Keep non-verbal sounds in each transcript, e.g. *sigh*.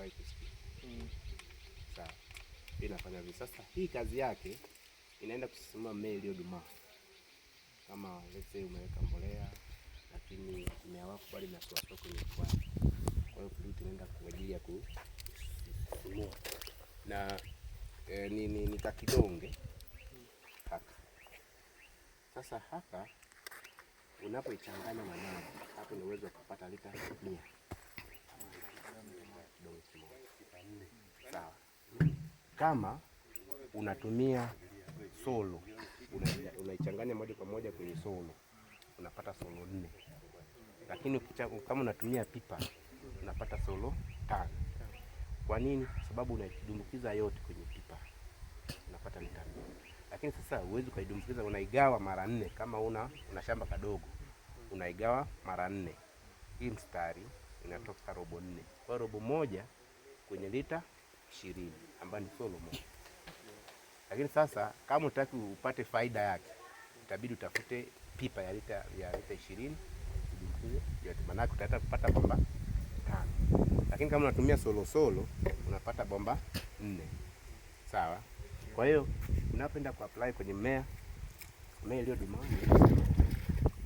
sijawahi kusikia mm. Sawa, hii nafanya vile sasa. Hii kazi yake inaenda kusisimua mmea iliyodumaa, kama let's say umeweka mbolea, lakini mmea wako bado unatoa kwenye kwani. Kwa hiyo fruit inaenda kwa ajili ya kusisimua na e, ni, ni, ni kakidonge haka. Sasa haka unapoichanganya na maji, hapo unaweza kupata lita mia sawa. Kama unatumia solo, unaichanganya moja kwa moja kwenye solo, unapata solo nne, lakini kama unatumia pipa unapata solo tano. Kwa nini? sababu unaidumbukiza yote kwenye pipa unapata mitano, lakini sasa huwezi ukaidumbukiza, unaigawa mara nne. Kama una una shamba kadogo, unaigawa mara nne, hii mstari inatoka robo nne, kwa robo moja kwenye lita ishirini ambayo ni solo moja. Lakini sasa kama utaki upate faida yake, itabidi utafute pipa ya lita ya lita ishirini yote, maanake utaweza kupata bomba tano. Lakini kama unatumia solo solo unapata bomba nne, sawa. Kwa hiyo unapoenda kuapply kwenye mmea mmea iliyo dumaa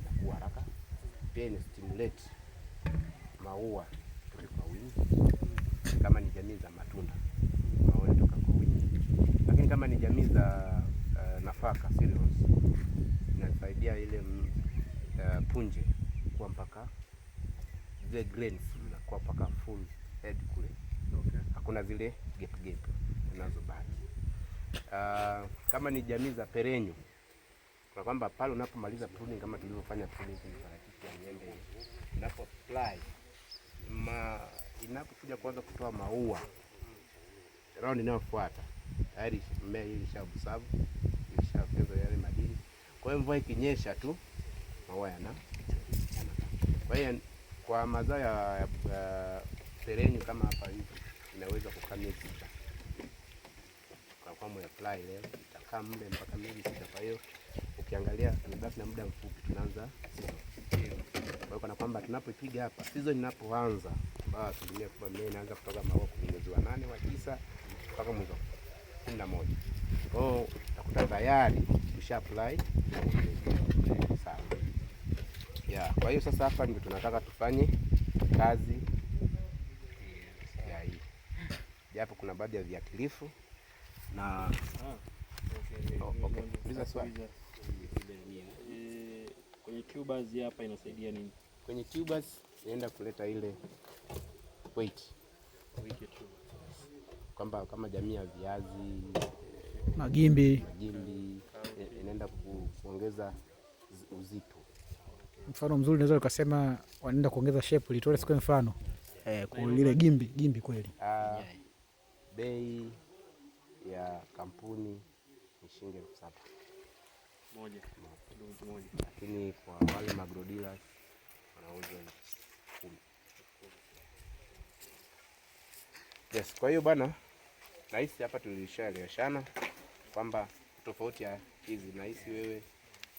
inakuwa haraka, pia ni stimulate maua kwa wingi kama ni jamii za matunda maua kwa wingi, lakini kama ni jamii za uh, nafaka cereals inasaidia ile uh, punje kuwa mpaka the grains na zinakuwa mpaka full head kule, okay. Hakuna zile gap gap zinazobaki. Uh, ah, kama ni jamii za perenyo kwa kwamba pale unapomaliza pruning kama tulivyofanya pruning kwenye parachichi ya miembe, unapo apply ma inapokuja kuanza kutoa maua raundi inayofuata tayari mmea hii ilishabusabu ilishafyonza yale madini. Kwa hiyo mvua ikinyesha tu maua yana kwa hiyo kwa mazao ya, ya perenyu kama hapa hivi inaweza kukaa miezi sita fly leo itakaa mle mpaka miezi sita. Kwa hiyo ukiangalia tunabaki na muda mfupi, tunaanza kwa hiyo kana kwamba tunapoipiga hapa season inapoanza ambayo asilimia kubwa mimea inaanza kutoka maua mwezi wa nane wa tisa mpaka mwezi wa kumi na moja kwa hiyo utakuta tayari usha apply sawa. Yeah, kwa hiyo sasa hapa ndio tunataka tufanye kazi ya hii, japo kuna baadhi ya viatilifu na oh, eh, kwenye tubers hapa inasaidia nini? Kwenye tubers inaenda kuleta ile wait. kwamba kama jamii ya viazi, eh, magimbi, magimbi eh, inaenda kuongeza uzito. Mfano mzuri unaweza ukasema wanaenda kuongeza shape, litole siku mfano eh, lile gimbi gimbi kweli. Uh, bei ya kampuni ni shilingi elfu saba moja, lakini kwa wale magrodila wanauza Yes, kwa hiyo bana nahisi hapa tulishaeleweshana kwamba tofauti ya hizi, nahisi wewe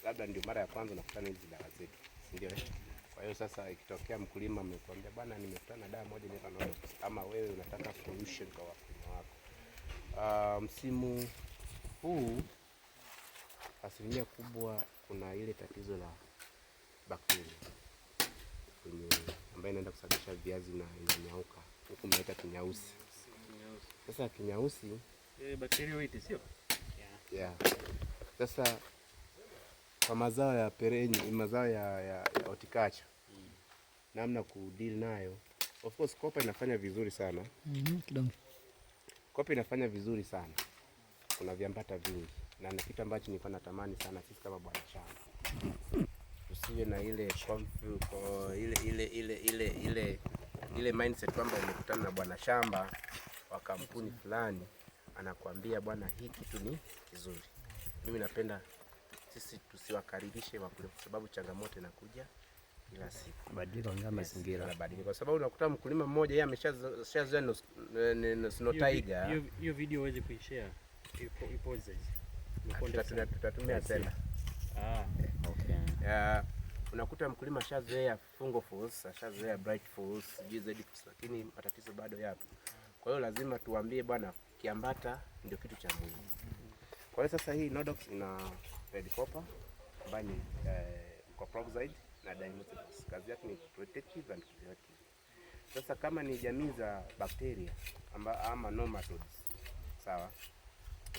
labda ndio mara ya kwanza unakutana hizi dawa zetu, si ndio? Kwa hiyo sasa ikitokea mkulima amekwambia bana, nimekutana na dawa moja inaitwa Nodox, ama wewe unataka solution kwa wakulima wako uh, msimu huu asilimia kubwa kuna ile tatizo la bakteria ambayo inaenda kusababisha viazi na inanyauka, huku mnaita kinyausi. Sasa kinyausi eh, sio? Yeah. Sasa kwa mazao ya perenyi, mazao ya, ya, ya otikacha mm. namna kudeal nayo. Of course kopa inafanya vizuri sana mm -hmm, kidogo. Kopa inafanya vizuri sana, kuna viambata vingi na na kitu ambacho nilikuwa natamani sana sisi kama bwana shamba usiwe na ile ile ile ile ile ile mindset kwamba umekutana na bwana shamba wa kampuni fulani anakuambia bwana, hii kitu ni kizuri. Mimi napenda sisi tusiwakaribishe wakulima, kwa sababu changamoto inakuja kila siku, mazingira mabadiliko, kwa sababu unakuta mkulima mmoja yeye ameshazoea Snow e, Tiger. Hiyo hiyo video uweze kuishare, ipo ipo tutatumia tena. Ah, okay. Unakuta mkulima ashazoea Fungo Falls, ashazoea Bright Falls, lakini matatizo bado yapo. Kwa hiyo lazima tuambie bwana, kiambata ndio kitu cha muhimu. Kwa hiyo sasa hii Nodox ina red copper ambayo ni eh, coproxide na dimethyl. Kazi yake ni protective and curative. Sasa kama ni jamii za bacteria amba, ama nomatodes sawa,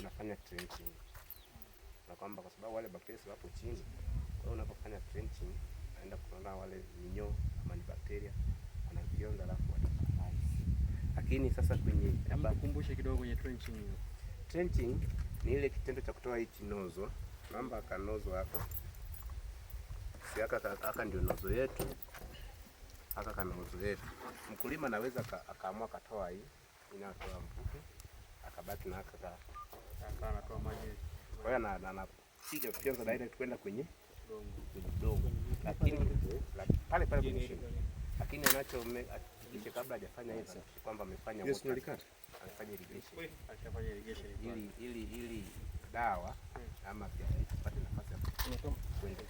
unafanya trenching na kwamba kwa sababu wale bakteria wapo chini, kwa hiyo unapofanya trenching unaenda kuona wale minyoo ama ni bakteria anavionza alafu lakini sasa kwenye kumbushe kidogo kwenye trenching hiyo. Trenching ni ile kitendo cha kutoa hichi nozo, aka nozo hapo Si aka aka ndio nozo yetu aka nozo yetu. Mkulima anaweza akaamua akatoa hii inatoa mvuke akabaki na aka anatoa maji, kwa hiyo ana anapiga vyanzo direct kwenda kwenye udongo, lakini pale pale kwenye shimo, lakini anacho hakikishe kabla hajafanya hizo kwamba amefanya amefanya irrigation ili ili ili dawa hmm. ama apate nafasi ya kwenda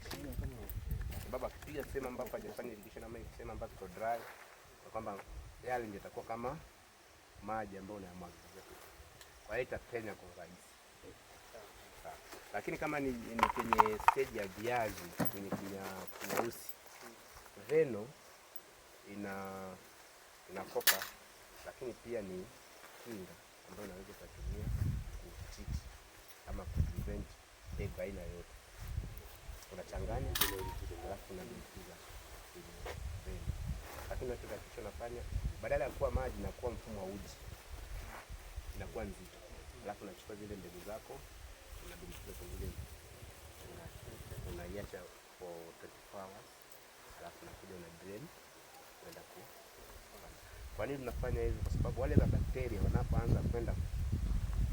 sababu akipiga sehemu ambapo hajafanya irrigation ama sehemu ambapo iko dry, kwa kwamba yale ndio itakuwa kama maji ambayo unayamwagilia, kwa hiyo itapenya kwa urahisi. Lakini kama ni, ni kwenye stage ya viazi kwenye kinyausi, hmm. Veno ina unakopa, lakini pia ni kinga ambayo unaweza ukatumia kutiti ama kuprevent egg aina yote Unachanganya alafu unaminikiza lakini kila kitu nafanya badala ya kuwa maji na kuwa mfumo wa uji inakuwa nzito, alafu unachukua zile mbegu zako unadumbukiza kwenye unaiacha for 24 hours, alafu unakuja una drain kwa nini tunafanya hivyo? Kwa sababu wale mabakteria wanapoanza kwenda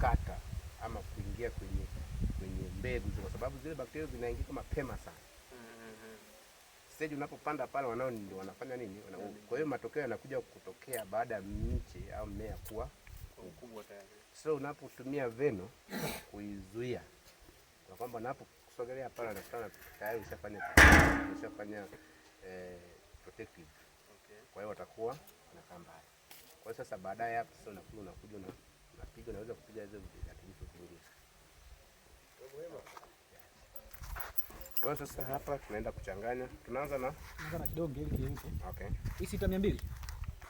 kata ama kuingia kwenye kwenye mbegu, kwa sababu zile bakteria zinaingia mapema sana stage unapopanda pale, wanao ndio wanafanya nini? Wana, mm Kwa hiyo matokeo yanakuja kutokea baada ya miche au mmea kuwa mkubwa tayari. So unapotumia veno kuizuia kwa kwamba unaposogelea pale anakutana tayari ushafanya ushafanya eh, protective. Okay. Kwa hiyo watakuwa zinakaa mbaya. Kwa hiyo sasa baadaye hapo sasa unakuja unakuja na unapiga unaweza kupiga hizo vitu vingi. Kwa hiyo sasa hapa tunaenda kuchanganya. Tunaanza na tunaanza na kidonge ili kiingie. Okay. Hii sita 200.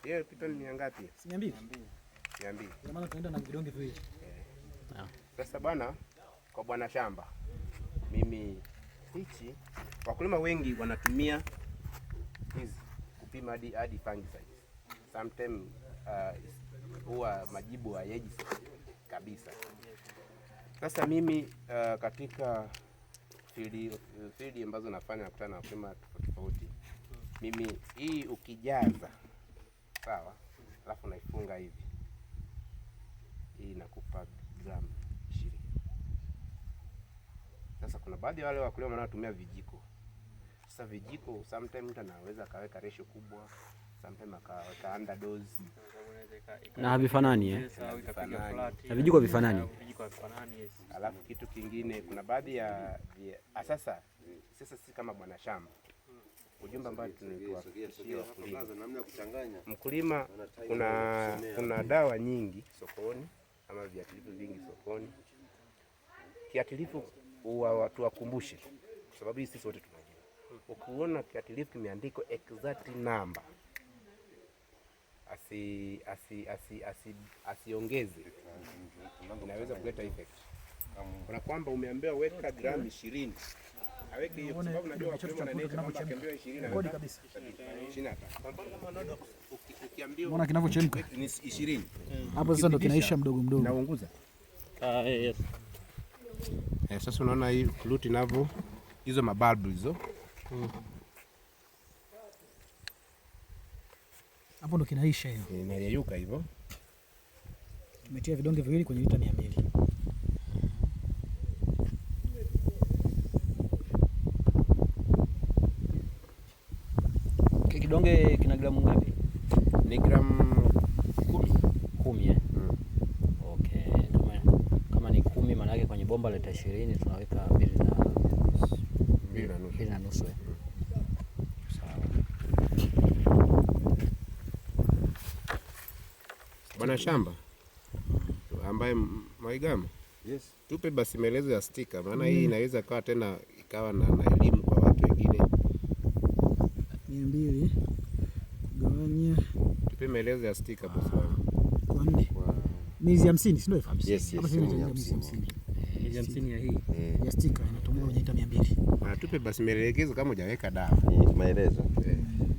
Hiyo pita ni ngapi? 200. 200. Kwa maana tunaenda na vidonge viwili. Eh. Sasa bwana kwa bwana shamba. Mimi hichi wakulima wengi wanatumia hizi kupima hadi hadi fungicide sometimes uh, huwa uh, majibu hayaji kabisa. Sasa mimi uh, katika field field ambazo nafanya nakutana na wakulima tofauti tofauti. Mimi hii ukijaza sawa, alafu naifunga hivi, hii inakupa gramu ishirini. Sasa kuna baadhi ya wale wakulima wanaotumia vijiko. Sasa vijiko sometimes mtu anaweza akaweka ratio kubwa na havifanani eh? vijiko havifanani. Eh. Alafu kitu kingine, kuna baadhi ya ah, sasa sasa si kama bwana shamba ujumbe ambao tunatuwafikishia wakulima, mkulima, kuna kuna dawa nyingi sokoni ama viatilifu vingi sokoni. Kiatilifu tuwakumbushe, kwa sababu hii sisi wote tunajua. Ukiona kiatilifu kimeandikwa exact namba asi asi asi asi asiongeze inaweza kuleta effect kuna kwamba umeambiwa weka gramu 20. aweke hiyo, sababu najua wakulima wanaenda kama akiambiwa ishirini kodi kabisa ishirini hapa. kwa mfano kama unaona ukiambiwa unaona kinavyochemka ni 20. Mm. hapo sasa ndo kinaisha mdogo mdogo naunguza ah yes eh, sasa unaona hii fruit navo hizo mabalbu hizo mm. hapo ndo kinaisha hiyo. Inayeyuka hivyo. Tumetia vidonge viwili kwenye lita mia mbili. Kidonge kina gramu ngapi? Ni gramu kumi. Kumi eh? Mm. Okay. Kama, kama ni kumi maana kwenye bomba lita ishirini tunaweka mbili na nusu. Mbili na nusu. Eh? Mm. Wana Shamba ambaye Mwaigama, yes. Tupe basi maelezo ya stika maana mm. Hii inaweza kawa tena ikawa na, na elimu kwa watu wengine. mia mbili gawanya, tupe maelezo ya stika basi ah, kwa nne miezi hamsini, si ndio? Yes, yes, miezi hamsini ya hii eh. ya stika inatoboa inaita eh. mia mbili. Ah, tupe basi maelekezo kama hujaweka dawa eh. maelezo,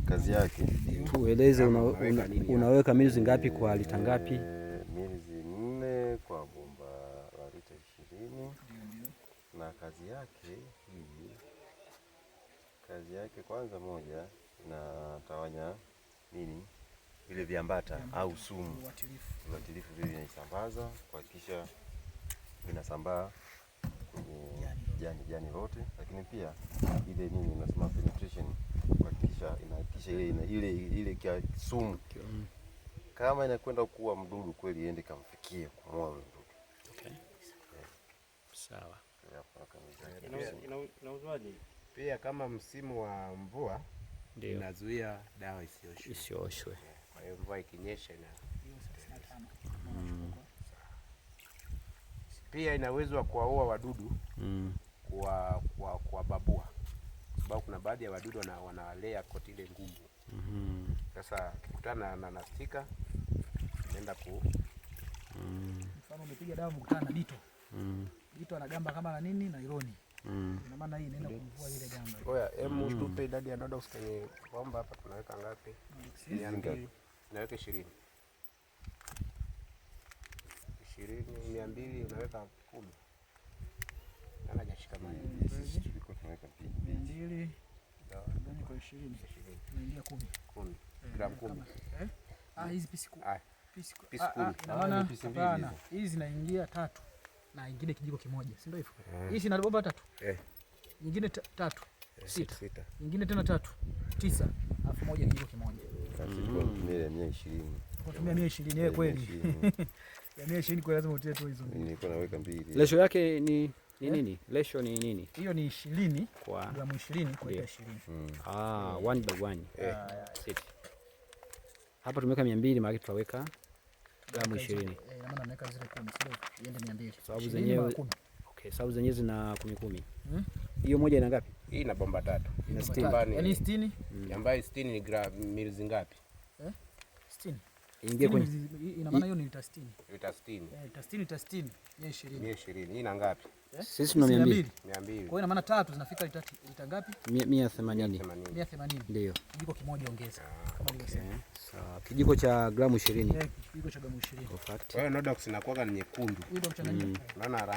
kazi yake ueleze una, una, unaweka milizi ngapi kwa lita ngapi? Milizi nne kwa bomba la lita ishirini na kazi yake hii, kazi yake kwanza, moja inatawanya nini vile viambata au sumu viuatilifu vile vinaisambaza kuhakikisha vinasambaa jani jani lote, lakini pia ile nini unasema penetration kuhakikisha inahakikisha ile ile ile kia sumu kama inakwenda kuwa mdudu kweli iende kamfikie kumoa ule mdudu. Okay. Yeah. Eh, inauzwaje? Pia kama msimu wa mvua inazuia dawa isioshwe. Isioshwe. Kwa hiyo mvua ikinyesha na Pia ina uwezo wa kuwaua wadudu mm. kwa, kwa, kwa babua sababu kuna baadhi ya wadudu wanawalea koti ile ngumu. Mm-hmm. Sasa mm -hmm. kukutana na nastika naenda ku mm. umepiga dawa mkutana na dito mm. dito anagamba kama na nini na ironi mm. ina maana hii inaenda kumvua ile gamba. Oya, hebu mm. tupe idadi ya dodos kwenye bomba hapa, tunaweka ngapi? Naweka ishirini ishirini mia mbili unaweka kumi eh, hizi zinaingia tatu na ingine kijiko kimoja, si ndio hivyo? Eh. Hii eh. si nabomba tatu nyingine tatu sita, sita, nyingine tena tatu tisa, alafu moja kijiko kimoja, kwa mm. mia ishirini kweli *laughs* Yaani Lesho yake ni ni nini? Lesho ni nini? Hiyo ni 20 kwa gramu 20 kwa 20. Mm. Ah, one by one. Eh. Eh. Ah, Hapa tumeweka 200 maana tutaweka gramu 20. Eh, maana naweka zile 10 sio iende 200. Sababu zenyewe Okay, sababu zenyewe zina 10 10. Hmm? Hiyo moja ina ngapi? Hii ina bomba tatu. Ina 60. Yaani 60? Ambaye 60 ni gramu mili zingapi? Eh? 60 ingie kwenye yaani ina maana hiyo ni lita 60. Lita 60. Lita 60 lita 60 ni 20. Eh, ni 20. Hii ina ngapi? Eh? Sisi tuna 200. 200. Kwa hiyo ina maana tatu zinafika lita lita ngapi? 180. 180. Ndio. Kijiko kimoja ongeza ah, kama nilivyosema. Sawa. Kijiko cha gramu 20. Eh, kijiko cha gramu 20. Kwa fact. hiyo Nodox inakuwa ni nyekundu. Ndio mchanganyiko. Mm. Unaona rangi